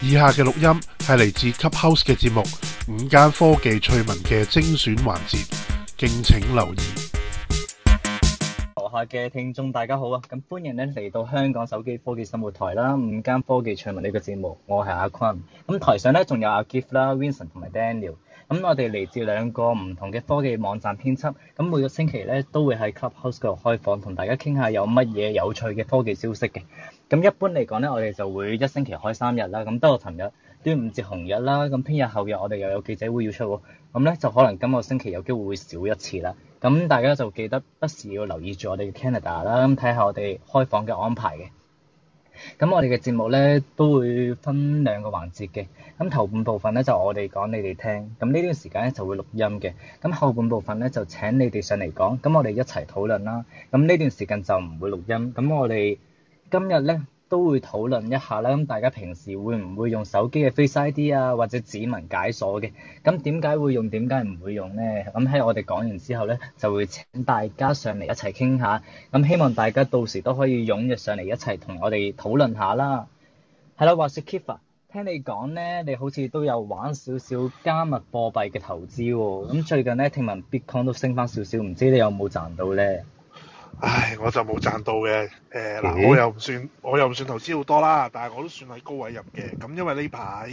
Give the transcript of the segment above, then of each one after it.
以下嘅錄音係嚟自 Clubhouse 嘅節目《午間科技趣聞》嘅精選環節，敬請留意。台下嘅聽眾大家好啊，咁歡迎咧嚟到香港手機科技生活台啦，《午間科技趣聞》呢個節目，我係阿坤，咁台上咧仲有阿 Keith 啦、Winson 同埋 Daniel，咁我哋嚟自兩個唔同嘅科技網站編輯，咁每個星期咧都會喺 Clubhouse 度開房，同大家傾下有乜嘢有趣嘅科技消息嘅。咁一般嚟講咧，我哋就會一星期開三日啦。咁不過琴日端午節紅日啦，咁聽日後日我哋又有記者會要出喎。咁咧就可能今個星期有機會會少一次啦。咁大家就記得不時要留意住我哋嘅 Canada 啦，咁睇下我哋開房嘅安排嘅。咁我哋嘅節目咧都會分兩個環節嘅。咁頭半部分咧就我哋講你哋聽，咁呢段時間咧就會錄音嘅。咁後半部分咧就請你哋上嚟講，咁我哋一齊討論啦。咁呢段時間就唔會錄音。咁我哋。今日呢都會討論一下啦，咁大家平時會唔會用手機嘅 Face ID 啊或者指紋解鎖嘅？咁點解會用？點解唔會用呢？咁喺我哋講完之後呢，就會請大家上嚟一齊傾下。咁希望大家到時都可以踴躍上嚟一齊同我哋討論下啦。係啦，話說 Kiva，聽你講呢，你好似都有玩少少加密貨幣嘅投資喎、啊。咁最近呢，聽聞 Bitcoin 都升翻少少，唔知你有冇賺到呢？唉，我就冇賺到嘅。誒、呃、嗱、嗯，我又唔算，我又唔算投資好多啦。但係我都算喺高位入嘅。咁因為呢排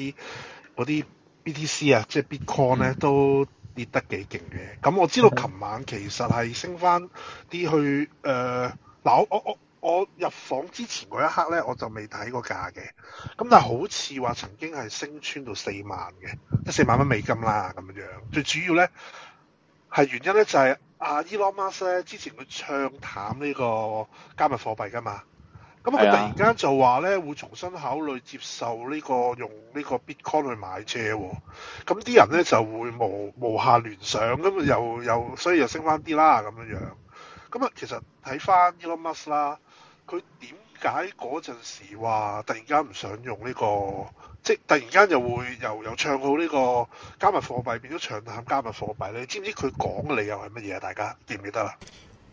嗰啲 BTC 啊，即係 Bitcoin 咧，都跌得幾勁嘅。咁我知道琴晚其實係升翻啲去嗱、呃，我我我我入房之前嗰一刻咧，我就未睇個價嘅。咁但係好似話曾經係升穿到四萬嘅，即係四萬蚊美金啦咁樣。最主要咧係原因咧就係、是。啊，Elon Musk 咧之前佢唱淡呢個加密貨幣㗎嘛，咁佢突然間就話咧會重新考慮接受呢、這個用呢個 Bitcoin 去買車、哦，喎，咁啲人咧就會無無限聯想，咁又又所以又升翻啲啦咁樣樣，咁啊其實睇翻 Elon Musk 啦，佢點。解嗰陣時話，突然間唔想用呢、這個，即係突然間又會由由唱好呢個加密貨幣變咗唱淡加密貨幣。你知唔知佢講嘅理由係乜嘢啊？大家記唔記得啦？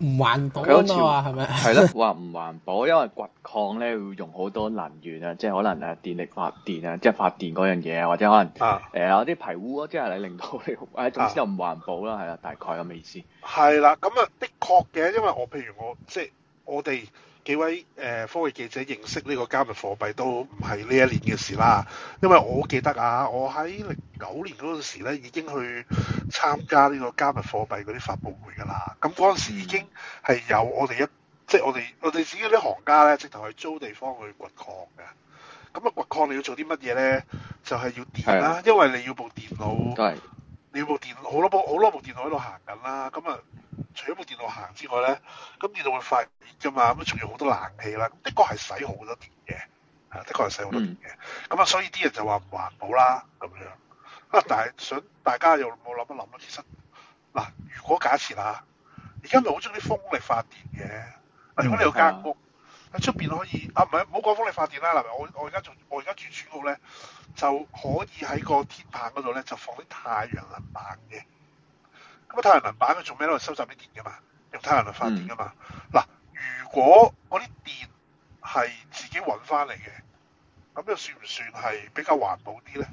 唔環還保好似嘛，係咪、啊？係咯，話唔 環保，因為掘礦咧會用好多能源啊，即係可能誒電力發電啊，即係發電嗰樣嘢啊，或者可能誒、呃、有啲排污啊，即係令到你誒，總之就唔環保啦。係啦、啊，大概咁嘅意思。係啦，咁啊，的確嘅，因為我譬如我即係我哋。幾位誒、呃、科技記者認識呢個加密貨幣都唔係呢一年嘅事啦，因為我記得啊，我喺零九年嗰陣時咧已經去參加呢個加密貨幣嗰啲發佈會㗎啦。咁嗰陣時已經係有我哋一即係我哋我哋自己啲行家咧，直頭去租地方去掘礦嘅。咁啊掘礦你要做啲乜嘢咧？就係、係、要電啦、啊，啊、因為你要部電腦，嗯、你要部電好多部好多部電腦喺度行緊啦。咁啊～除咗部電腦行之外咧，咁電腦會發熱㗎嘛，咁啊仲要好多冷氣啦，的確係使好多電嘅，啊的確係使好多電嘅，咁啊所以啲人就話唔環保啦咁樣，啊但係想大家又冇諗一諗咯，其實嗱、啊、如果假設啦，而家咪好中意啲風力發電嘅，嗯、如果你有間屋喺出邊可以啊唔係唔好講風力發電啦，嗱我我而家做我而家住主屋咧就可以喺個天棚嗰度咧就放啲太陽能板嘅。咁太陽能板佢做咩咧？佢收集啲電噶嘛，用太陽能發電噶嘛。嗱，如果嗰啲電係自己揾翻嚟嘅，咁又算唔算係比較環保啲咧？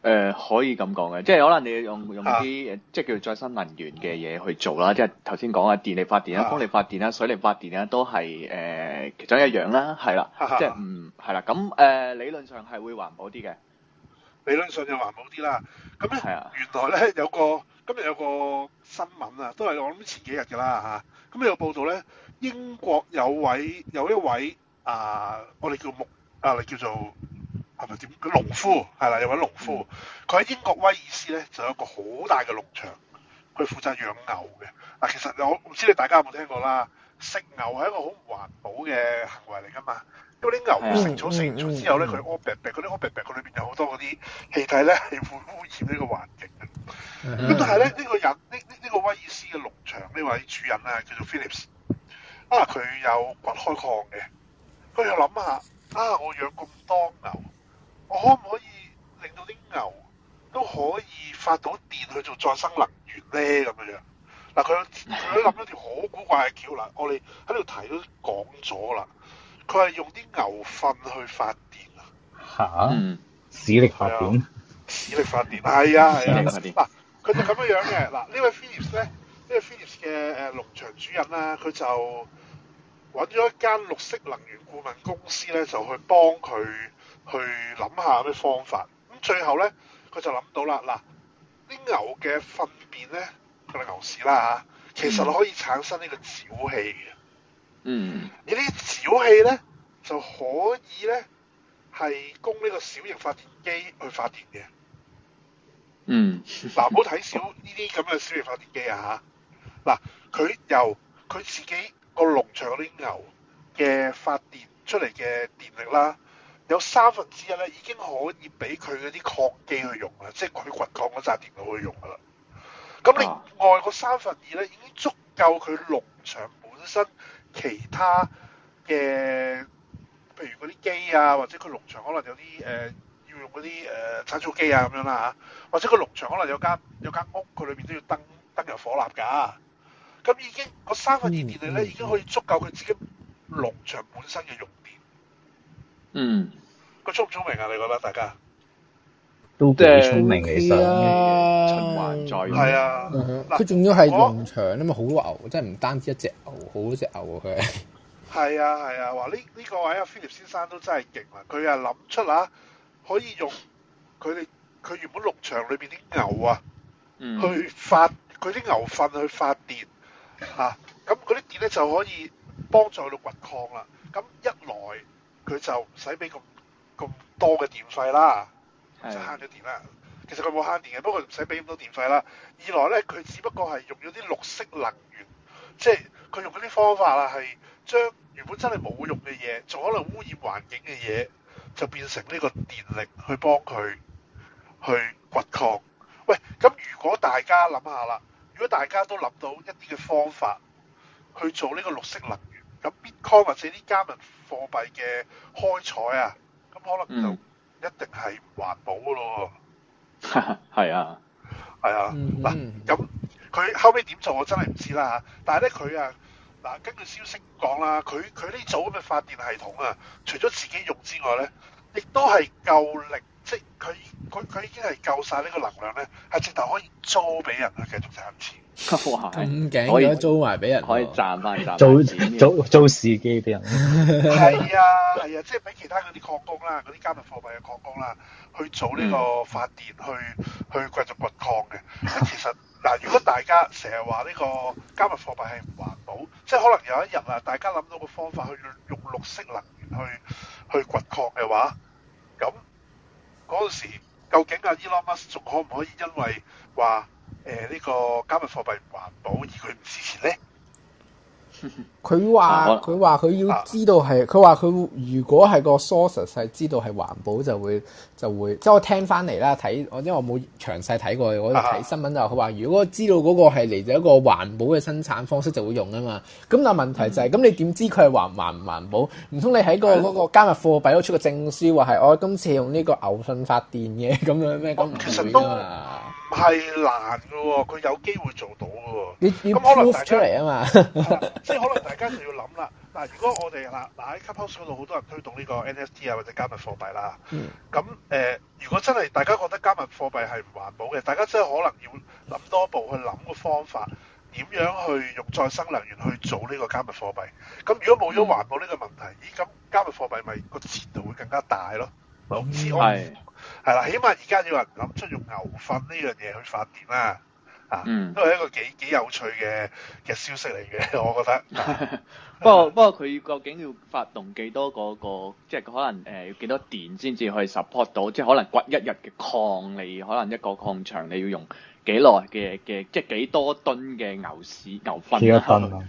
誒，可以咁講嘅，即係可能你用用啲即係叫做再生能源嘅嘢去做啦。即係頭先講啊，電力發電啊，風力發電啊，水力發電啊，都係誒、呃，其中一樣啦，係啦， 即係唔係啦。咁、嗯、誒、呃，理論上係會環保啲嘅。理論上又環保啲啦，咁咧、啊、原來咧有個今日有個新聞啊，都係我諗前幾日㗎啦嚇，咁有報道咧，英國有位有一位啊，我哋叫牧啊，你叫做係咪點？佢農夫係啦，有位農夫，佢喺英國威爾斯咧，就有一個好大嘅農場，佢負責養牛嘅。嗱、啊，其實我唔知你大家有冇聽過啦，食牛係一個好唔環保嘅行為嚟㗎嘛。因為啲牛食咗食咗之後咧，佢屙白白，嗰啲屙白白，佢裏邊有好多嗰啲氣體咧，係會污染呢個環境嘅。咁 但係咧，呢、呢個人，呢呢呢個威爾斯嘅農場呢、呢個、位主人啊，叫做菲利斯啊，佢有掘開礦嘅。佢又諗下啊，我養咁多牛，我可唔可以令到啲牛都可以發到電去做再生能源咧？咁樣樣嗱，佢佢諗咗條好古怪嘅橋嗱，我哋喺度提都講咗啦。佢係用啲牛糞去發電啊！嚇，屎力發電，屎、啊、力發電，係啊係啊！嗱、啊，佢 就咁嘅樣嘅。嗱，呢位 Philips 咧，呢位 Philips 嘅誒農場主人啦、啊，佢就揾咗一間綠色能源顧問公司咧，就去幫佢去諗下咩方法。咁最後咧，佢就諗到啦。嗱，啲牛嘅糞便咧，佢係牛屎啦嚇，其實可以產生呢個沼氣嘅。嗯嗯，呢啲沼氣咧就可以咧係供呢個小型發電機去發電嘅。嗯，嗱、 啊，唔好睇小呢啲咁嘅小型發電機啊嚇。嗱、啊，佢由佢自己個農場嗰啲牛嘅發電出嚟嘅電力啦，有三分之一咧已經可以俾佢嗰啲礦機去用啦，即係佢掘礦嗰紮電腦去用噶啦。咁另外嗰、啊、三分二咧已經足夠佢農場本身。其他嘅，譬如啲機啊，或者佢農場可能有啲誒、呃、要用啲誒鏟草機啊咁樣啦吓、啊，或者佢農場可能有間有間屋，佢裏邊都要燈燈油火蠟㗎、啊。咁已經三分二電力咧，已經可以足夠佢自己農場本身嘅用電。嗯。佢聰唔聰明啊？你覺得大家？都幾聰明嘅，嗯、其實循環再用。係、嗯、啊，佢仲、嗯、要係農場啊嘛，好、哦、牛，真係唔單止一隻牛，好多隻牛啊！佢係。係啊係啊，話呢呢個位阿 Philip 先生都真係勁啊！佢啊諗出嚇可以用佢哋佢原本農場裏邊啲牛啊，嗯、去發佢啲牛糞去發電嚇，咁嗰啲電咧就可以幫助到度掘礦啦。咁一來佢就唔使俾咁咁多嘅電費啦。就慳咗電啦。其實佢冇慳電嘅，不過唔使俾咁多電費啦。二來呢，佢只不過係用咗啲綠色能源，即係佢用嗰啲方法啊，係將原本真係冇用嘅嘢，仲可能污染環境嘅嘢，就變成呢個電力去幫佢去掘礦。喂，咁如果大家諗下啦，如果大家都諗到一啲嘅方法去做呢個綠色能源，咁 Bitcoin 或者啲加密貨幣嘅開採啊，咁可能就～一定係環保嘅咯，係 啊，係 啊，嗱咁佢後尾點做我真係唔知啦，但係咧佢啊嗱、啊，根據消息講啦，佢佢呢組咁嘅發電系統啊，除咗自己用之外咧，亦都係夠力，即係佢佢佢已經係夠晒呢個能量咧，係直頭可以租俾人去繼續賺錢。哇，咁勁可以租埋俾人，可以賺翻賺做租，做司機俾人。係 啊，係啊，即係俾其他嗰啲礦工啦，嗰啲加密貨幣嘅礦工啦，去做呢個發電去，去 去繼續掘礦嘅。咁其實嗱、啊，如果大家成日話呢個加密貨幣係唔環保，即係可能有一日啊，大家諗到個方法去用綠色能源去去掘礦嘅話，咁嗰陣時究竟阿、啊、Elon Musk 仲可唔可以因為話？誒，呢、呃，這個加密貨幣環保，而佢唔支持咧？佢話佢話佢要知道係，佢話佢如果係個 source 係知道係環保就會就會，就會。即係我聽翻嚟啦，睇,我因為我冇詳細睇過，我睇新聞就佢話如果知道嗰個係嚟自一個環保嘅生產方式就會用啊嘛。咁但係問題就係、是，咁、嗯、你點知佢係環唔環,環保？唔通你喺、那個嗰、嗯、個加密貨幣度出個證書話係我今次用呢個牛糞發電嘅咁 樣咩？咁其實都唔係難嘅喎，佢有機會做到嘅喎。你你 prove 出嚟啊嘛，所 以可能大家就要諗啦。嗱，如果我哋嗱嗱喺 Clubhouse 度好多人推動呢個 NFT 啊或者加密貨幣啦，咁誒、嗯呃，如果真係大家覺得加密貨幣係唔環保嘅，大家真係可能要諗多一步去諗個方法，點樣去用再生能源去做呢個加密貨幣？咁如果冇咗環保呢個問題，嗯、咦咁加密貨幣咪個熱度會更加大咯？唔、嗯係啦，起碼而家有人諗出用牛糞呢樣嘢去發電啦，啊，嗯，都係一個幾幾有趣嘅嘅消息嚟嘅，我覺得。不過不過佢究竟要發動幾多嗰個，即係可能誒要幾多電先至可以 support 到，即係可能掘一日嘅礦，你可能一個礦場你要用幾耐嘅嘅，即係幾多噸嘅牛屎牛糞？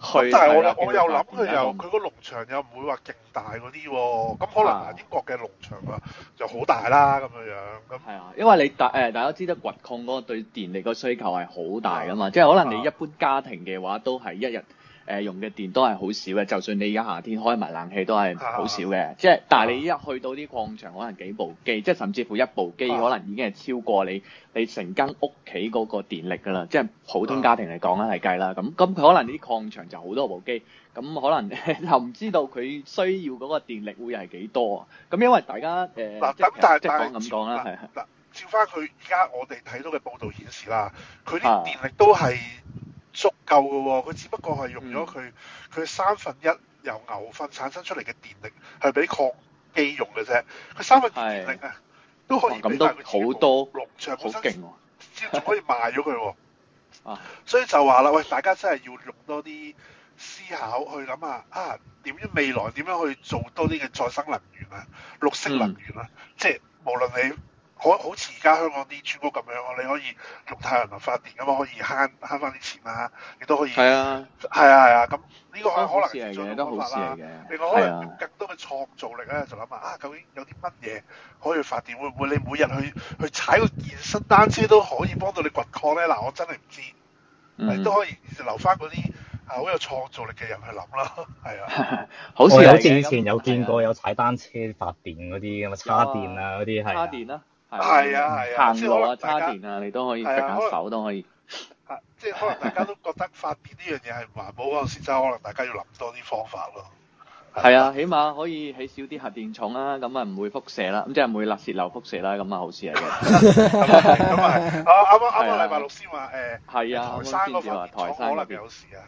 咁去就係我，的我又諗佢又佢個農場又唔會話勁大嗰啲喎，咁可能英國嘅農場啊就好大啦咁樣、啊、樣，係啊，因為你大誒、呃、大家知得掘礦嗰個對電力個需求係好大噶嘛，的即係可能你一般家庭嘅話都係一日。誒用嘅電都係好少嘅，就算你而家夏天開埋冷氣都係好少嘅，啊、即係但係你一去到啲礦場，可能幾部機，即係甚至乎一部機可能已經係超過你你成間屋企嗰個電力㗎啦，即係普通家庭嚟講啦，嚟計啦，咁咁佢可能啲礦場就好多部機，咁可能又唔 知道佢需要嗰個電力會係幾多啊？咁因為大家誒嗱，咁但係即係講咁講啦，係嗱是，照翻佢而家我哋睇到嘅報道顯示啦，佢啲電力都係。足夠嘅喎、哦，佢只不過係用咗佢佢三分一由牛糞產生出嚟嘅電力，係俾礦機用嘅啫。佢三分之電力啊，是都可以俾翻佢。咁都好多農場，好勁喎，仲、啊、 可以賣咗佢喎。啊！所以就話啦，喂，大家真係要用多啲思考去諗下，啊，點樣未來點樣去做多啲嘅再生能源啊，綠色能源啦、啊，嗯、即係無論你。我好似而家香港啲村屋咁樣，你可以用太陽能發電咁啊，可以慳慳翻啲錢啦，亦都可以。係啊，係啊，係啊，咁呢個可能係一種方法啦、啊。另外可能更多嘅創造力咧，就諗下啊，究竟有啲乜嘢可以發電？會唔會你每日去去踩個健身單車都可以幫到你掘礦咧？嗱，我真係唔知。嗯，都可以留翻嗰啲好有創造力嘅人去諗啦，係啊。啊 好似像是 我有之前有見過有踩單車發電嗰啲咁啊，叉、啊、電啊嗰啲係。 係啊係啊，行路啊，叉電啊，你都可以食下手都可以。啊，即係可能大家都覺得發電呢樣嘢係環保嗰陣時，就可能大家要諗多啲方法咯。係啊，起碼可以起少啲核電廠啦，咁啊唔會輻射啦，咁即係唔會立洩流輻射啦，咁啊好事嚟嘅。咁啊，啱啱啱啱禮拜六先話誒，係啊，台山嗰份，台山嗰邊有事啊。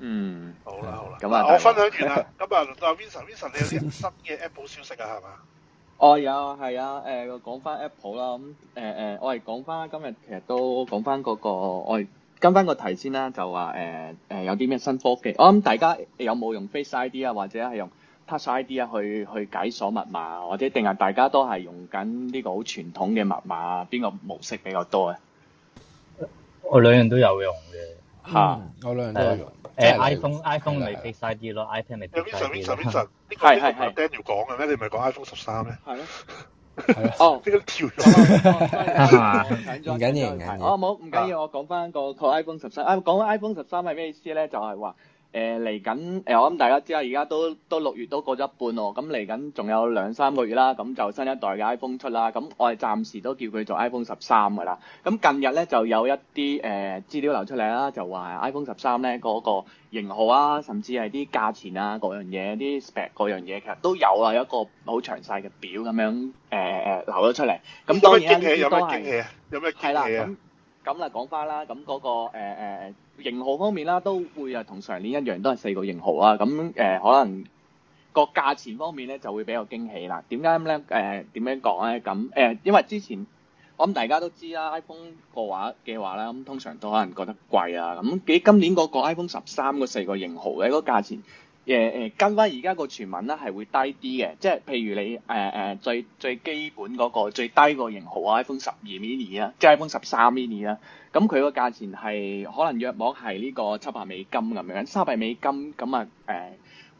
嗯，好啦好啦，咁啊我分享完啦，咁啊輪到 Winson Winson，你有啲新嘅 Apple 消息啊，係嘛？哦，有，係啊、um, uh, um, mm，誒、hmm.，講翻 Apple 啦，咁，誒，誒，我係講翻今日，其實都講翻嗰個，我係跟翻個題先啦，就話誒，誒，有啲咩新科技，我諗大家有冇用 Face ID 啊，或者係用 Touch ID 啊，去去解鎖密碼，或者定係大家都係用緊呢個好傳統嘅密碼，邊個模式比較多啊？我兩樣都有用嘅。吓，我兩個用。誒，iPhone，iPhone 咪比較嘥啲咯，iPad 咪比較嘥啲。係係係。Daniel 要講嘅咩？你唔係講 iPhone 十三咩？係咯。係啊。哦，跳咗。唔緊要，唔緊要。哦，冇唔緊要，我講翻個講 iPhone 十三。講 iPhone 十三係咩意思咧？就係話。誒，嚟緊誒，我諗大家知啦，而家都都六月都過咗一半咯，咁嚟緊仲有兩三個月啦，咁就新一代嘅 iPhone 出啦，咁我哋暫時都叫佢做 iPhone 十三噶啦。咁近日咧就有一啲誒資料流出嚟啦，就話 iPhone 十三咧嗰個型號啊，甚至係啲價錢啊，嗰樣嘢啲 spec 嗰樣嘢，其實都有啦，呃，有一個好詳細嘅表咁樣誒誒流咗出嚟。咁當然有乜驚喜啊？有乜驚喜係啦，咁咁啊講翻啦，咁嗰，嗰個誒誒。呃呃型號方面啦，都會啊同上年一樣，都係四個型號啊。咁誒、呃，可能個價錢方面咧就會比較驚喜啦。點解咁咧？誒點樣講咧？咁誒、呃，因為之前我諗大家都知啦，iPhone 個話嘅話咧，咁通常都可能覺得貴啊。咁幾今年嗰個 iPhone 十三個四個型號咧，個價錢。誒誒、嗯、跟翻而家個傳聞咧係會低啲嘅，即係譬如你誒誒、呃、最最基本嗰、那個最低個型號 iPhone 十二 mini 啦、嗯，即啊，iPhone 十三 mini 啦。咁佢個價錢係可能約莫係呢個七百美金咁樣、嗯，三百美金咁啊誒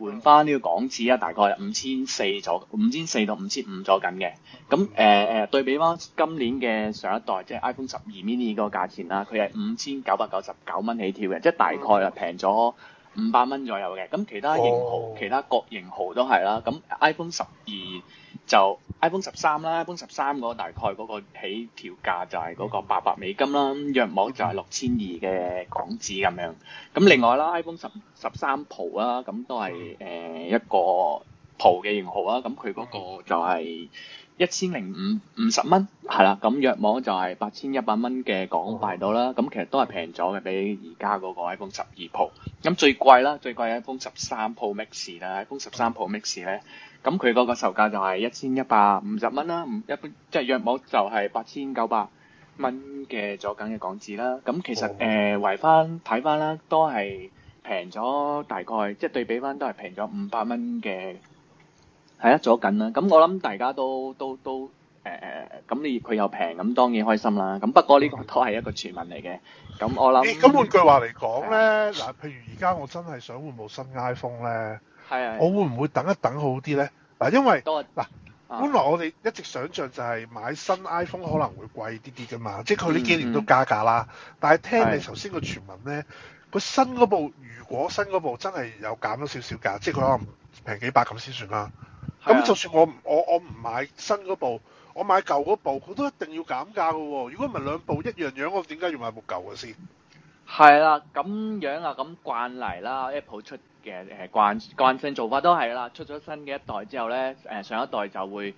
換翻呢個港紙啊，大概五千四左，五千四到五千五咗緊嘅。咁誒誒對比翻今年嘅上一代，即、就、係、是、iPhone 十二 mini 嗰個價錢啦，佢係五千九百九十九蚊起跳嘅，即、就、係、是、大概啊平咗。五百蚊左右嘅，咁其他型號，oh. 其他各型號都係啦。咁 iPhone 十二就 iPhone 十三啦，iPhone 十三嗰個大概嗰個起跳價就係嗰個八百美金啦，約莫就係六千二嘅港紙咁樣。咁另外啦，iPhone 十十三 Pro 啦、啊，咁都係誒、呃、一個 Pro 嘅型號啦、啊。咁佢嗰個就係、是。一千零五五十蚊，係啦，咁約莫就係八千一百蚊嘅港幣度啦，咁其實都係平咗嘅，比而家嗰個 iPhone 十二 Pro，咁最貴啦，最貴嘅 iPhone 十三 Pro Max 啦，iPhone 十三 Pro Max 咧，咁佢嗰個售價就係一千一百五十蚊啦，唔一般，即係約莫就係八千九百蚊嘅左近嘅港紙啦，咁其實誒為翻睇翻啦，都係平咗大概，即係對比翻都係平咗五百蚊嘅。係啊，做緊啦。咁我諗大家都都都誒咁你佢又平，咁當然開心啦。咁不過呢個都係一個傳聞嚟嘅。咁我諗誒，咁、欸、換句話嚟講咧，嗱的，譬如而家我真係想換部新 iPhone 咧，的我會唔會等一等好啲咧？嗱，因為嗱，本來我哋一直想像就係買新 iPhone 可能會貴啲啲㗎嘛，即係佢呢幾年都加價啦。嗯、但係聽你頭先個傳聞咧，個的、嗯、新嗰部如果新嗰部真係有減咗少少價，即係佢可能平幾百咁先算啦。咁就算我唔我我唔買新嗰部，我買舊嗰部，佢都一定要減價嘅喎。如果唔係兩部一樣樣，我點解要買部舊嘅先？係啦，咁樣啊，咁慣例啦，Apple 出嘅誒慣慣性做法都係啦。出咗新嘅一代之後咧，誒上一代就會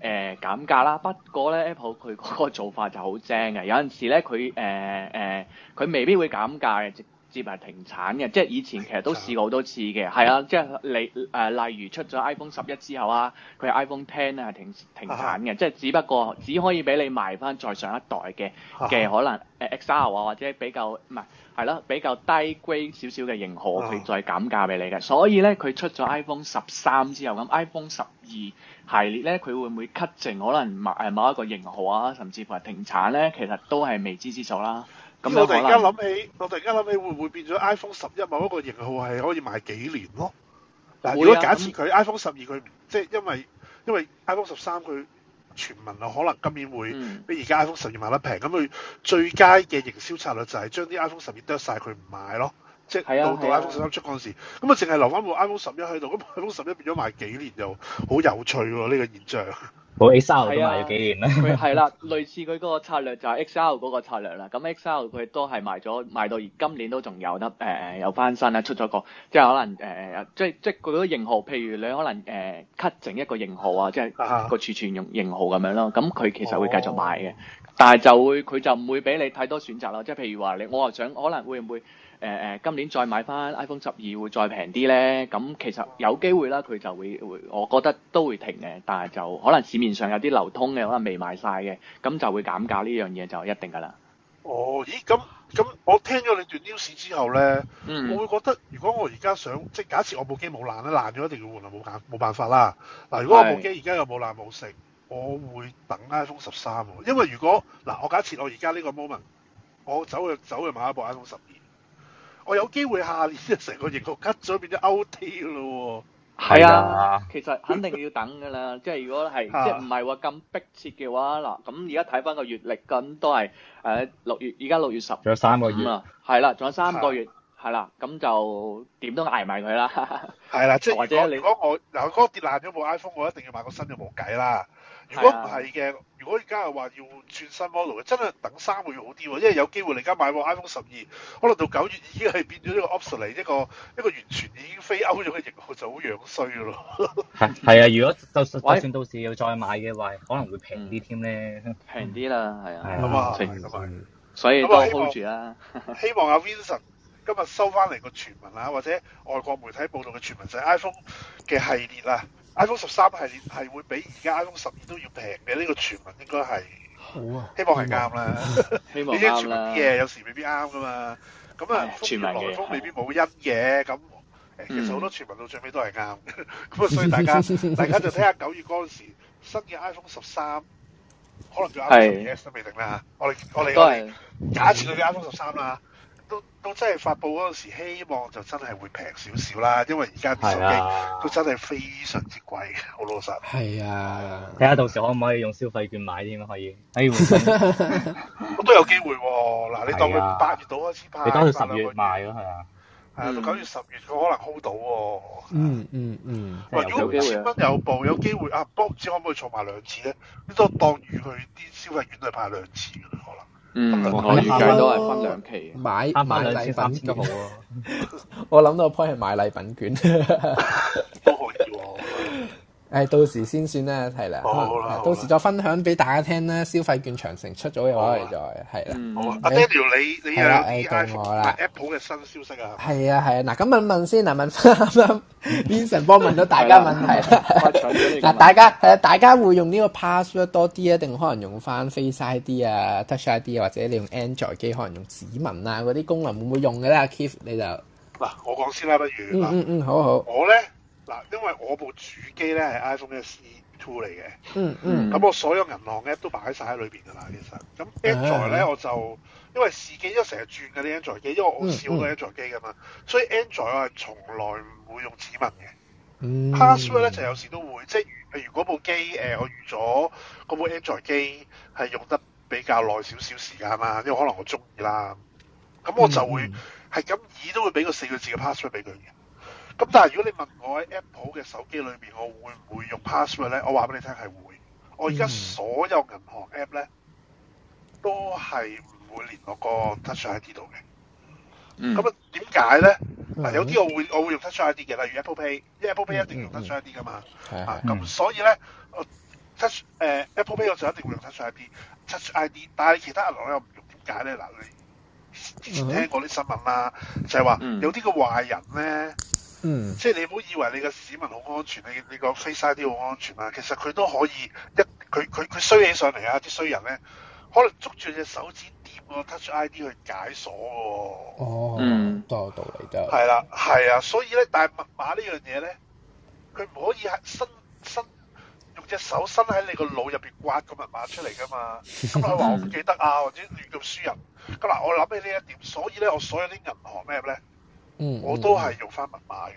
誒減價啦。不過咧，Apple 佢嗰個做法就好正嘅，有陣時咧，佢誒誒佢未必會減價嘅。接係停產嘅，即係以前其實都試過好多次嘅，係啊產，即係例誒例如出咗 iPhone 十一之後啊，佢 iPhone Ten 咧、啊、係停停產嘅，啊、哈即係只不過只可以俾你賣翻再上一代嘅嘅、啊、哈可能誒 XR 啊或者比較唔係係咯比較低規少少嘅型號佢再減價俾你嘅。啊、哈所以咧佢出咗 iPhone 十三之後，咁 iPhone 十二系列咧佢會唔會 cut 剩可能某誒某一個型號啊，甚至乎係停產咧，其實都係未知之數啦。咁我突然間諗起，起，我突然間諗起，會唔會變咗 iPhone 十一某一個型號係可以賣幾年咯？嗱、啊，如果假設佢那 iPhone 十二佢即係因為因為 iPhone 十三佢傳聞啊，可能今年會比而家 iPhone 十二賣得平，咁佢、嗯、最佳嘅營銷策略就係將啲 iPhone 十二得晒佢唔賣咯，即係到、啊、到 iPhone 十三出嗰陣時，咁啊淨係、嗯、留翻部 iPhone 十一喺度，咁 iPhone 十一變咗賣幾年就好有趣喎，呢、這個現象。冇 excel 賣咗幾年啦，係啦、啊啊，類似佢嗰個策略就係 excel 嗰個策略啦。咁 excel 佢都係賣咗，賣到而今年都仲有得，誒、呃、誒，有翻新啦，出咗個，即係可能，誒、呃、誒，即係即係嗰個型號，譬如你可能，誒，cut 整一個型號啊，即係個儲存用型號咁樣咯。咁佢其實會繼續賣嘅，哦、但係就會佢就唔會俾你太多選擇咯。即係譬如話你，我話想可能會唔會？誒誒、呃，今年再買翻 iPhone 十二會再平啲咧。咁其實有機會啦，佢就會會，我覺得都會停嘅。但係就可能市面上有啲流通嘅，可能未賣晒嘅，咁就會減價呢樣嘢就一定㗎啦。哦，咦？咁咁，我聽咗你段 news 之後咧，嗯、我會覺得如果我而家想即係假設我部機冇爛咧，爛咗一定要換啊，冇冇辦法啦。嗱，如果我部機而家的又冇爛冇食，我會等 iPhone 十三、啊、喎。因為如果嗱，我假設我而家呢個 moment，我走去走去買一部 iPhone 十二。我有機會下年即係成個疫情 cut 咗變咗 OT 噶咯喎，係啊， 其實肯定要等噶啦，即係如果係 即係唔係話咁迫切嘅話嗱，咁而家睇翻個月曆咁都係誒六月，而家六月十，仲有三個月啊，係啦，仲有三個月，係啦，咁就點都捱埋佢啦，係啦、嗯 ，即係 或者你如果我嗱，嗰、嗰個跌爛咗部 iPhone，我一定要買個新就冇計啦。如果唔係嘅，如果而家係話要轉新 model 嘅，真係等三個月好啲喎，因為有機會你而家買部 iPhone 十二，可能到九月已經係變咗一個 obsolete 一個一個完全已經非歐咗嘅型號就好樣衰咯。係 係啊，如果就，就算到時要再買嘅話，可能會平啲添咧，平啲啦，係、嗯、啊。咁啊，所以都 hold 住啦。以希望阿、啊 啊、Vincent 今日收翻嚟個傳聞啊，或者外國媒體報導嘅傳聞就係、是、iPhone 嘅系列啊。iPhone 十三係，係會比而家 iPhone 十二都要平嘅，呢個傳聞應該係，希望係啱啦。希望啱啦。呢啲傳聞啲嘢有時未必啱㗎嘛，咁啊，傳聞來風未必冇因嘅，咁誒其實好多傳聞到最尾都係啱。咁啊，所以大家大家就睇下九月嗰陣時新嘅 iPhone 十三，可能叫 iPhone 十三都未定啦。我哋我哋假設佢叫 iPhone 十三啦。都都真係發布嗰陣時，希望就真係會平少少啦，因為而家啲手機都真係非常之貴，好老實。係啊，睇下到時可唔可以用消費券買添可以。可以，都都有機會嗱，你當佢八月到開始派，你當佢十月買咯，係啊。係啊，到九月十月佢可能 hold 到。嗯嗯嗯。喂，如果五千蚊有部，有機會啊，唔知可唔可以坐埋兩次咧？都當預佢啲消費券係派兩次嘅啦，可能。嗯，我預計都係分兩期嘅，買買禮品都好啊！我諗到個 point 係買禮品券。係到時先算啦，係啦，到時再分享俾大家聽啦。消費券長城出咗又可以再，係啦。啊，阿 Daniel 你你啊，我啦，Apple 嘅新消息啊。係啊係啊，嗱咁問問先啦，問問 Winson 幫問到大家問題啦。嗱，大家係啊，大家會用呢個 password 多啲啊，定可能用翻 face id 啊、touch id 啊，或者你用 Android 機可能用指紋啊嗰啲功能會唔會用嘅咧？阿 Keith 你就嗱，我講先啦，不如嗯嗯嗯，好好，我咧。嗱，因為我部主機咧係 iPhone SE Two 嚟嘅，咁、嗯嗯、我所有銀行 app 都擺晒喺裏邊噶啦，其實。咁 Android 咧、嗯、我就因為試機，因為成日轉嘅啲 Android 機，因為我少個 Android 機噶嘛，嗯嗯、所以 Android 我係從來唔會用指紋嘅。嗯、password 咧就有時都會，即係如果部機誒、呃、我預咗個部 Android 機係用得比較耐少少時間啦，因為可能我中意啦，咁我就會係咁以都會俾個四個字嘅 password 俾佢嘅。嗯嗯嗯咁但係如果你問我喺 Apple 嘅手機裏邊，我會唔會用 password 咧？我話俾你聽係會。我而家所有銀行 app 咧，都係唔會連落個 Touch ID 度嘅。咁、嗯、啊點解咧？嗱有啲我會我會用 Touch ID 嘅，例如 Apple Pay，Apple 因為 Apple Pay 一定用 Touch ID 噶嘛。係咁、嗯嗯嗯啊、所以咧、嗯、Touch 誒、呃、Apple Pay 我就一定會用 Touch ID、嗯。Touch ID，但係其他銀行我又唔用。點解咧？嗱、啊，你之前聽過啲新聞啦、啊，就係、是、話有啲嘅壞人咧。嗯嗯嗯、即係你唔好以為你個市民好安全，你你個 Face ID 好安全啊！其實佢都可以一佢佢佢衰起上嚟啊！啲衰人咧，可能捉住隻手指掂個 Touch ID 去解鎖喎。哦，都有、哦、道理啫。係啦、嗯，係啊，所以咧，但係密碼呢樣嘢咧，佢唔可以喺伸伸，伸用隻手伸喺你個腦入邊刮個密碼出嚟噶嘛。咁佢話我唔記得啊，或者亂咁輸入。咁嗱，我諗起呢一點，所以咧，我所有啲銀行 App 咧。嗯，mm hmm. 我都係用翻密碼嘅。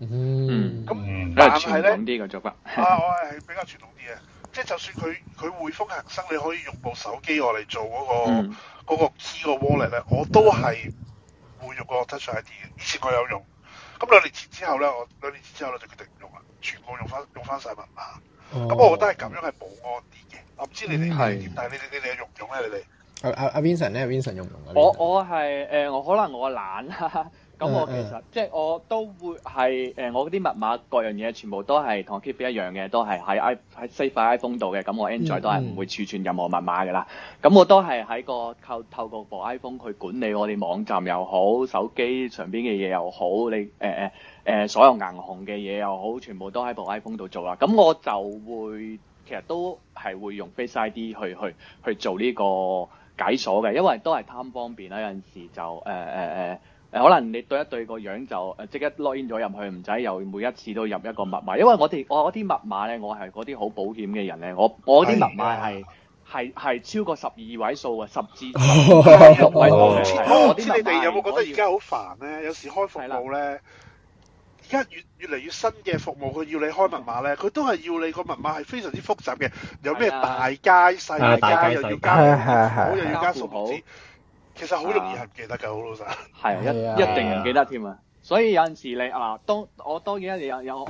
嗯、mm，咁、hmm. 但係咧，我係做法。 啊，我係係比較傳統啲嘅，即係就算佢佢匯豐恒生，你可以用部手機我嚟做嗰、嗰個嗰、mm hmm. 個 key 個 wallet 咧，我都係會用個 touch ID 嘅。以前佢有用，咁兩年前之後咧，我兩年前之後咧就決定唔用啦，全部用翻用翻晒密碼。咁、oh. 嗯、我覺得係咁樣係保安啲嘅。我唔知你哋、mm hmm. 你哋點，但係的你哋你哋用唔用咧？你哋阿阿 Winson 咧、uh、，Winson 用唔用？我我係誒，我、呃、可能我懶啊。 咁我其實 uh, uh, 即係我都會係誒、呃，我啲密碼各樣嘢全部都係同 keep 一樣嘅，都係喺 i 喺 secure iPhone 度嘅。咁我 Android 都係唔會儲存任何密碼噶啦。咁、嗯、我都係喺個透透過部 iPhone 去管理我哋網站又好，手機上邊嘅嘢又好，你誒誒誒所有銀行嘅嘢又好，全部都喺部 iPhone 度做啦。咁我就會其實都係會用 Face ID 去去去、去做呢個解鎖嘅，因為都係貪方便啦。有陣時就誒誒誒。呃呃呃呃可能你對一對個樣就誒，即刻 login 咗入去，唔使又每一次都入一個密碼。因為我哋我嗰啲密碼咧，我係嗰啲好保險嘅人咧，我我啲密碼係係係超過十二位數嘅十字，唔知我啲你哋有冇覺得而家好煩咧？有時開服務咧，而家越越嚟越新嘅服務，佢要你開密碼咧，佢都係要你個密碼係非常之複雜嘅。有咩大楷細楷又要加，唔好又要加數字。其實好容易係記得㗎，啊、好老實，係、啊、 一一定唔記得添啊！所以有陣時你啊，當我當然啦，你有有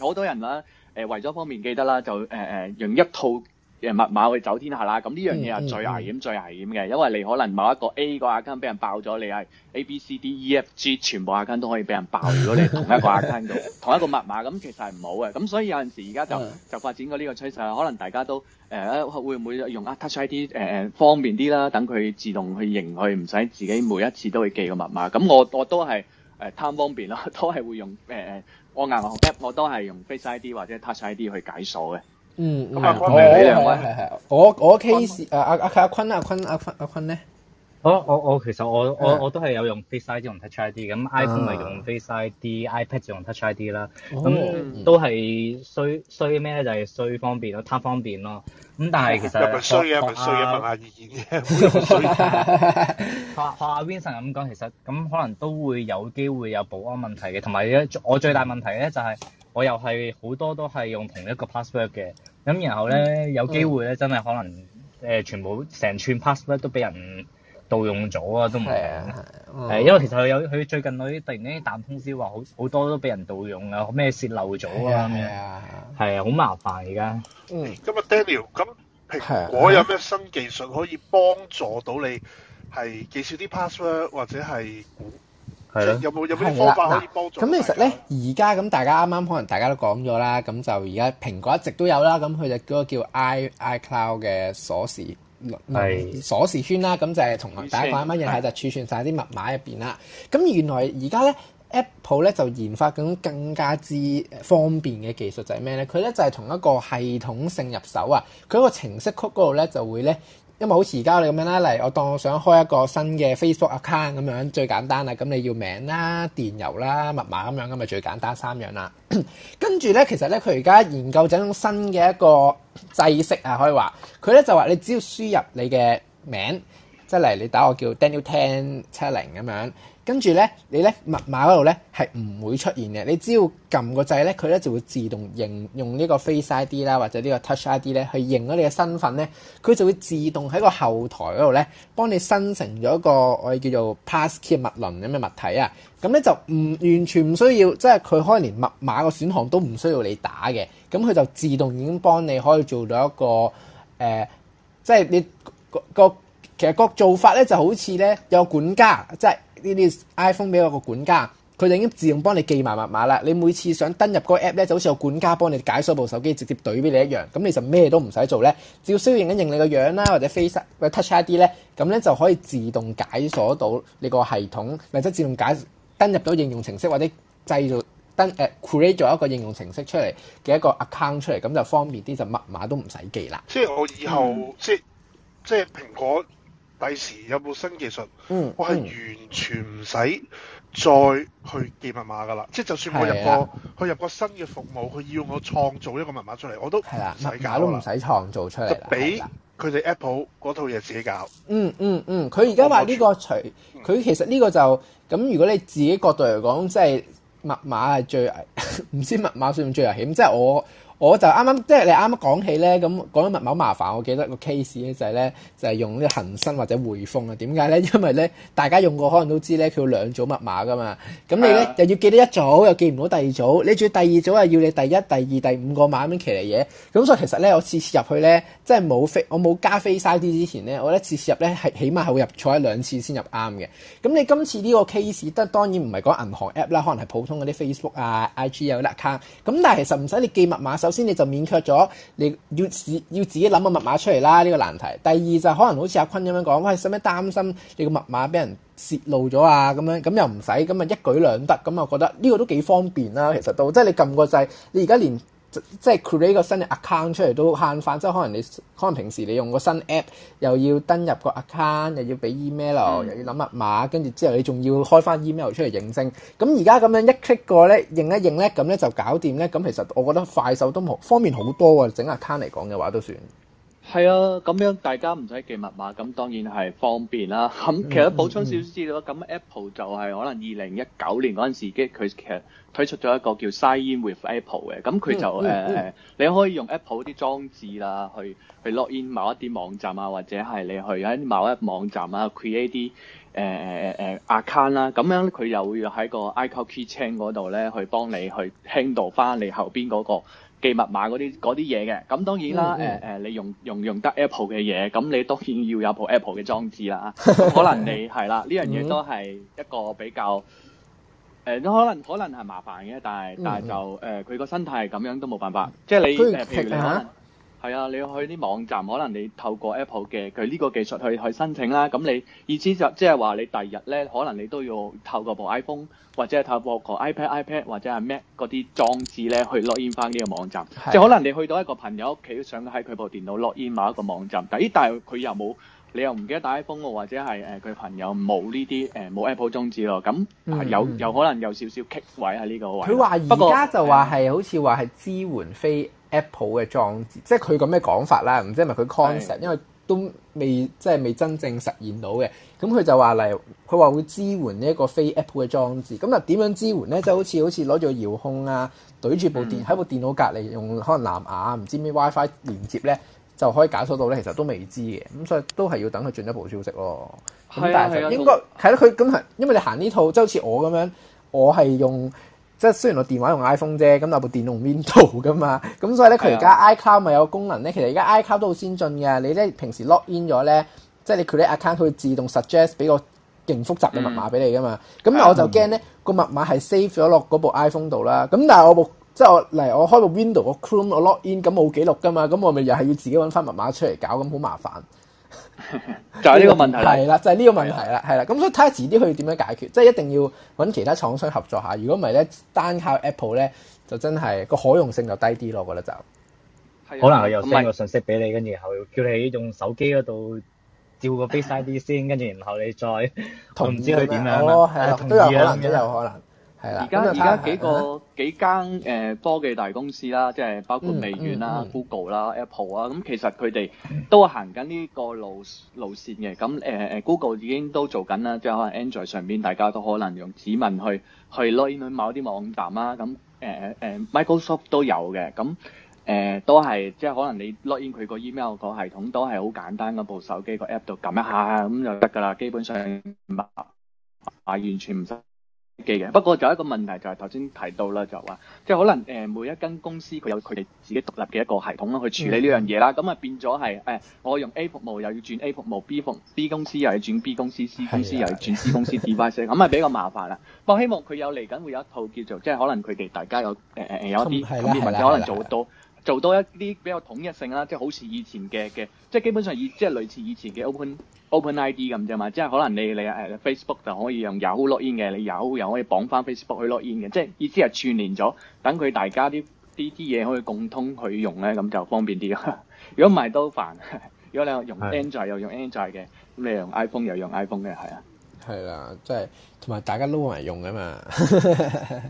好多人啦，誒、呃、為咗方便記得啦，就誒誒、呃、用一套。誒密碼去走天下啦，咁呢樣嘢係最危險、最危險嘅，因為你可能某一個 A 個 account 俾人爆咗，你係 A B C D E F G 全部 account 都可以俾人爆，如果你同一個 account 度， 同一個密碼，咁其實係唔好嘅。咁所以有陣時而家就就發展過呢個趨勢，可能大家都誒誒、呃、會唔會用 Touch ID 誒、呃、誒方便啲啦，等佢自動去認，去唔使自己每一次都會記個密碼。咁我我都係誒、呃、貪方便啦，都係會用誒、呃、我銀行 app 我都係用 Face ID 或者 Touch ID 去解鎖嘅。嗯，係係係係，我我 case 誒阿阿阿坤阿坤阿坤阿坤咧，好，好嗯、我我其實我嗎我我都係有用 Face ID, ID i、啊、用 Touch ID，咁 iPhone 咪用 Face ID，iPad 用 Touch ID 啦，咁都係衰，衰咩咧就係、是、衰方，方便咯，貪方便咯，咁但係其實，又唔衰嘅，唔衰嘅，唔阿亞二嘅，阿 Winson 咁講，其實咁可能都會有機會有保安問題嘅，同埋我最大問題咧就係、是。我又係好多都係用同一個 password 嘅，咁然後咧、嗯、有機會咧、嗯、真係可能誒、呃、全部成串 password 都俾人盜用咗啊，都唔係啊，係、嗯、因為其實佢有佢最近嗰啲突然間彈通知話好好多都俾人盜用泄啊，咩洩漏咗啊，咩？啊，係啊，好、啊、麻煩而家。嗯，咁啊 Hey, Daniel，咁蘋果有咩新技術可以幫助到你係記少啲 password 或者係？有冇有冇方法可以幫助？咁、嗯嗯、其實咧，而家咁大家啱啱可能大家都講咗啦，咁就而家蘋果一直都有啦，咁佢就嗰個叫 i iCloud 嘅鎖匙鎖是、嗯、匙圈啦，咁就係同大家講一蚊嘢，就儲存晒啲密碼入邊啦。咁是原來而家咧 Apple 咧就研發緊更加之方便嘅技術就，就係咩咧？佢咧就係同一個系統性入手啊！佢個程式 code 嗰度咧就會咧。因為好似而家你咁樣啦，嚟我當我想開一個新嘅 Facebook account 咁樣，最簡單啦，咁你要名啦、電郵啦、密碼咁樣咁咪最簡單三樣啦。跟住咧，其實咧佢而家研究緊一種新嘅一個制式啊，可以話佢咧就話你只要輸入你嘅名。即係嚟，你打我叫 Daniel Ten 七零咁樣，跟住咧，你咧密碼嗰度咧係唔會出現嘅。你只要撳個掣咧，佢咧就會自動認用呢個 Face ID 啦，或者呢個 Touch ID 咧去認咗你嘅身份咧，佢就會自動喺個後台嗰度咧幫你生成咗一個我哋叫做 Passkey 物密鑰咁嘅物體啊。咁咧就唔完全唔需要，即係佢可能連密碼個選項都唔需要你打嘅。咁佢就自動已經幫你可以做到一個誒、呃，即係你個個。個其實個做法咧就好似咧有管家，即係呢啲 iPhone 俾我個管家，佢就已經自動幫你記埋密碼啦。你每次想登入嗰個 app 咧，就好似有管家幫你解鎖部手機，直接對俾你一樣。咁你就咩都唔使做咧，只要需要認一認你個樣啦，或者 face 或者 touch ID 咧，咁咧就可以自動解鎖到你個系統，或者自動解登入到應用程式，或者製造登誒、呃、create 咗一個應用程式出嚟嘅一個 account 出嚟，咁就方便啲，就密碼都唔使記啦。即係我以後、嗯、即即係蘋果。第時有冇新技術？嗯，嗯，我係完全唔使再去記密碼㗎喇，即係、嗯、就算我入個、嗯、去入個新嘅服務，佢要我創造一個密碼出嚟，我都係啊，唔使搞，密碼都唔使創造出嚟，就俾佢哋 Apple 嗰套嘢自己搞。嗯嗯嗯，佢而家話呢個除佢、嗯、其實呢個就咁，如果你自己角度嚟講，即係密碼係最危險，唔知密碼算唔算最危險？即係我。我就啱啱即係你啱啱講起咧，咁講到密碼好麻煩，我記得個 case 咧就係咧，就係、是、用啲恒生或者匯豐啊。點解咧？因為咧，大家用過可能都知咧，佢有兩組密碼噶嘛。咁你咧、uh. 又要記得一組，又記唔到第二組。你住第二組啊？要你第一、第二、第五個碼咁樣騎嚟嘢。咁所以其實咧，我次次入去咧，即係冇飛，我冇加 Face ID 之前咧，我咧次次入咧係起碼係會入錯一兩次先入啱嘅。咁你今次呢個 case 得當然唔係講銀行 app 啦，可能係普通嗰啲 Facebook 啊、IG 啊 account。咁但係其實唔使你記密碼。首先你就免卻咗你要自要自己諗個密碼出嚟啦，呢個難題。第二就係可能好似阿坤咁樣講，喂使唔使擔心你個密碼俾人泄露咗啊？咁樣咁又唔使，咁啊一舉兩得，咁啊覺得呢個都幾方便啦。其實都即係你撳個掣，你而家連。即係 create 個新嘅 account 出嚟都慳翻，即係可能你可能平時你用個新 app 又要登入個 account，又要俾 email，、嗯、又要諗密碼，跟住之後你仲要開翻 email 出嚟認證。咁而家咁樣一 click 過咧，認一認咧，咁咧就搞掂咧。咁其實我覺得快手都好方便好多喎，整個 account 嚟講嘅話都算。係啊，咁樣大家唔使記密碼，咁當然係方便啦。咁、嗯、其實補充少少資料，咁 Apple 就係可能二零一九年嗰陣時，佢其實推出咗一個叫 Sign in with Apple 嘅。咁佢就誒誒、 呃，你可以用 Apple 啲裝置啦，去去 login 某一啲網站啊，或者係你去喺某一網站啊 create 啲誒誒誒 account 啦。咁樣佢又會喺個 iCloud Keychain 嗰度咧，去幫你去輕度翻你後邊嗰、那個。記密碼嗰啲啲嘢嘅，咁當然啦，誒誒、mm hmm. 呃，你用用用得 Apple 嘅嘢，咁你當然要有部 Apple 嘅裝置啦。 可能你係、嗯、啦，呢樣嘢都係一個比較，誒、呃 mm hmm. 呃，都可能可能係麻煩嘅，但係但係就誒，佢個身體係咁樣都冇辦法， 即係你誒譬 Okay, 如你可能。係啊，你要去啲網站，可能你透過 Apple 嘅佢呢個技術去去申請啦。咁你意思就即係話你第二日咧，可能你都要透過部 iPhone 或者係透過個 iPad、iPad 或者係 Mac 嗰啲裝置咧，去 login 翻呢個網站。是即係可能你去到一個朋友屋企，想喺佢部電腦 login 某一個網站，但係但係佢又冇，你又唔記得帶 iPhone 或者係誒佢朋友冇呢啲誒冇 Apple 裝置喎。咁、嗯呃、有有可能有少少棘位喺呢個位。佢話而家就話係、嗯、好似話係支援飛。Apple 嘅裝置，即係佢咁嘅講法啦，唔知係咪佢 concept，因為都未即係未真正實現到嘅。咁佢就話嚟，佢話會支援呢一個非 Apple 嘅裝置。咁啊點樣支援咧？就好似、嗯、好似攞咗個遙控啊，懟住部電喺部電腦隔籬，用可能藍牙唔知咩 WiFi 連接咧，就可以解鎖到咧。其實都未知嘅，咁所以都係要等佢進一步消息咯。咁但係應該係咯，佢咁係因為你行呢套，即係好似我咁樣，我係用。即係雖然我電話用 iPhone 啫，咁有部電腦用 Window 噶嘛，咁所以咧佢而家 iCloud 咪有個功能咧，其實而家 iCloud 都好先進嘅。你咧平時 log in 咗咧，即係你佢啲 account 佢會自動 suggest 俾個勁複雜嘅密碼俾你噶嘛。咁、嗯、我就驚咧個密碼係 save 咗落嗰部 iPhone 度啦。咁但係我部即係我嚟我開部 Window 個 Chrome 我，Chr 我 log in 咁冇記錄噶嘛。咁我咪又係要自己揾翻密碼出嚟搞，咁好麻煩。就係呢個問題係啦，就係呢個問題啦，係啦。咁所以睇下遲啲佢點樣解決，即係一定要揾其他廠商合作下。如果唔係咧，單靠 Apple 咧，就真係個可用性就低啲咯。我覺得就可能佢又 send 個信息俾你，跟住後叫你用手機嗰度照個 Face ID 先，跟住然後你再唔知佢點樣咯，係咯，都有可能，都有可能。而家而家幾個、啊、幾間誒、呃、科技大公司啦，即係包括微軟啦、嗯嗯、Google 啦、啊、Apple 啊，咁其實佢哋都行緊呢個路路線嘅。咁、啊、誒誒 Google 已經都做緊啦，即係可能 Android 上邊，大家都可能用指紋去去 login 某啲網站啦，咁、啊、誒誒、啊、Microsoft 都有嘅。咁、啊、誒都係，即係可能你 login 佢個 email 個系統都係好簡單，部手機個 app 度撳一下咁就得㗎啦。基本上唔係完全唔使機嘅，不過仲有一個問題就係頭先提到啦，就話即係可能誒，每一間公司佢有佢哋自己獨立嘅一個系統啦，去處理呢、嗯、樣嘢啦，咁啊變咗係誒，我用 A 服務又要轉 A 服務，B 服 B 公司又要轉 B 公司，C 公司又要轉 C 公司，D、Y、嗯、C 咁啊比較麻煩啦。不過 希望佢有嚟緊會有一套叫做，即、就、係、是、可能佢哋大家有誒誒誒有啲咁嘅嘢，嗯、可能做得多。做多一啲比較統一性啦，即係好似以前嘅嘅，即係基本上以即係類似以前嘅 Open Open ID 咁啫嘛，即係可能你你誒 Facebook 就可以用有 login 嘅，你有又可以綁翻 Facebook 去 login 嘅，即係意思係串連咗，等佢大家啲啲啲嘢可以共通去用咧，咁就方便啲咯。如果唔係都煩，如果你用 Android 的又用 Android 嘅，咁你用 iPhone 又用 iPhone 嘅，係啊，係啦，即係同埋大家撈埋用㗎嘛。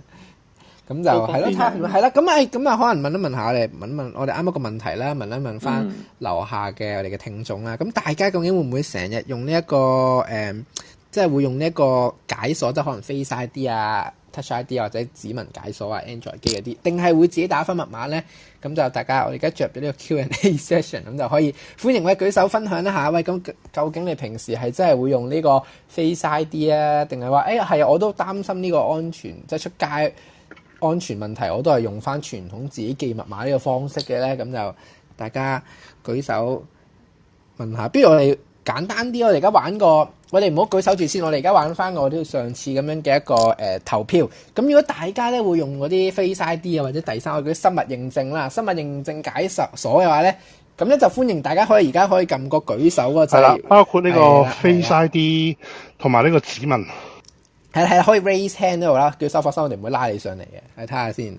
咁就係咯，睇係啦。咁啊，咁啊，可能問一問下我哋問一問我哋啱一,一個問題啦，問一問翻樓下嘅我哋嘅聽眾啦。咁、嗯、大家究竟會唔會成日用呢、這、一個誒、嗯，即係會用呢一個解鎖，即係可能 Face I D 啊、Touch I D 或者指紋解鎖啊、Android 機嗰啲，定係會自己打翻密碼咧？咁就大家我哋而家着到呢個 Q and A session，咁就可以歡迎喂舉手分享一下喂。咁究竟你平時係真係會用呢個 Face I D 啊，定係話誒係啊？我都擔心呢個安全，即、就、係、是、出街。安全問題我都係用翻傳統自己記密碼呢個方式嘅咧，咁就大家舉手問下。不如我哋簡單啲，我哋而家玩個，我哋唔好舉手住先，我哋而家玩翻我哋上次咁樣嘅一個誒、呃、投票。咁如果大家咧會用嗰啲 Face ID 啊或者第三個嗰啲生物認證啦，生物認證解鎖鎖嘅話咧，咁咧就歡迎大家可以而家可以撳個舉手嗰個掣。係啦了，就是、包括呢個 Face 的的 ID 同埋呢個指紋。係係可以 raise hand 嗰度啦，叫收貨收我哋唔會拉你上嚟嘅，你睇下先。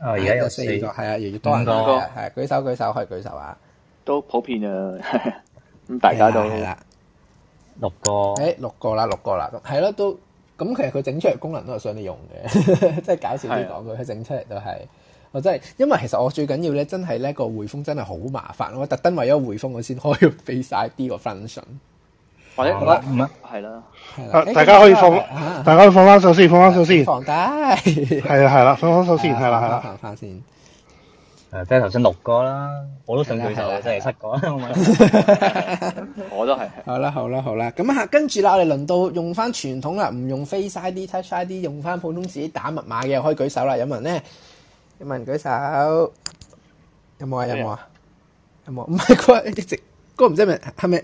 哦、4, 啊而家有四個，係啊越嚟越多人啦，係個舉手舉手可以舉手啊。都普遍啊，咁 大家都係啦，六個。誒六、哎、個啦，六個啦，係咯都咁其實佢整出嚟功能都係想你用嘅，即 係搞笑啲講句，佢整的出嚟都係我真係，因為其實我最緊要咧，真係咧、這個匯豐真係好麻煩我特登為咗匯豐我先可以俾晒啲個 function。或者覺得唔係，係咯，誒，大家可以放，大家可以放翻手先，放翻手先。放低係啊，係啦，放翻手先，係啦，係啦。行翻先。誒，即係頭先六個啦，我都想舉手，即係七個我都係。好啦，好啦，好啦，咁啊，跟住啦，我哋輪到用翻傳統啦，唔用 Face ID、Touch ID，用翻普通自己打密碼嘅，可以舉手啦。有冇人咧？有冇人舉手？有冇啊？有冇啊？有冇？唔係佢一直，哥唔知係咪？係咪？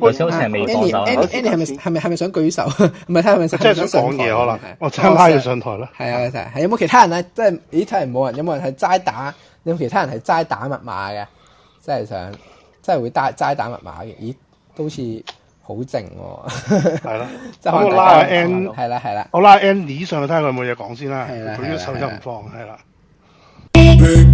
我收線未放手，Annie Annie 係咪係咪係咪想舉手？唔係睇係咪想即係講嘢可能係，我即刻拉佢上台啦。係啊係，係有冇其他人啊？即係咦，睇嚟冇人，有冇人係齋打？有冇其他人係齋打密碼嘅？即係想，即係會帶齋打密碼嘅？咦，都似好靜喎。係咯，即係拉 Annie，係啦係啦，我拉 Annie 上嚟睇下佢有冇嘢講先啦。佢嘅手都唔放，係啦。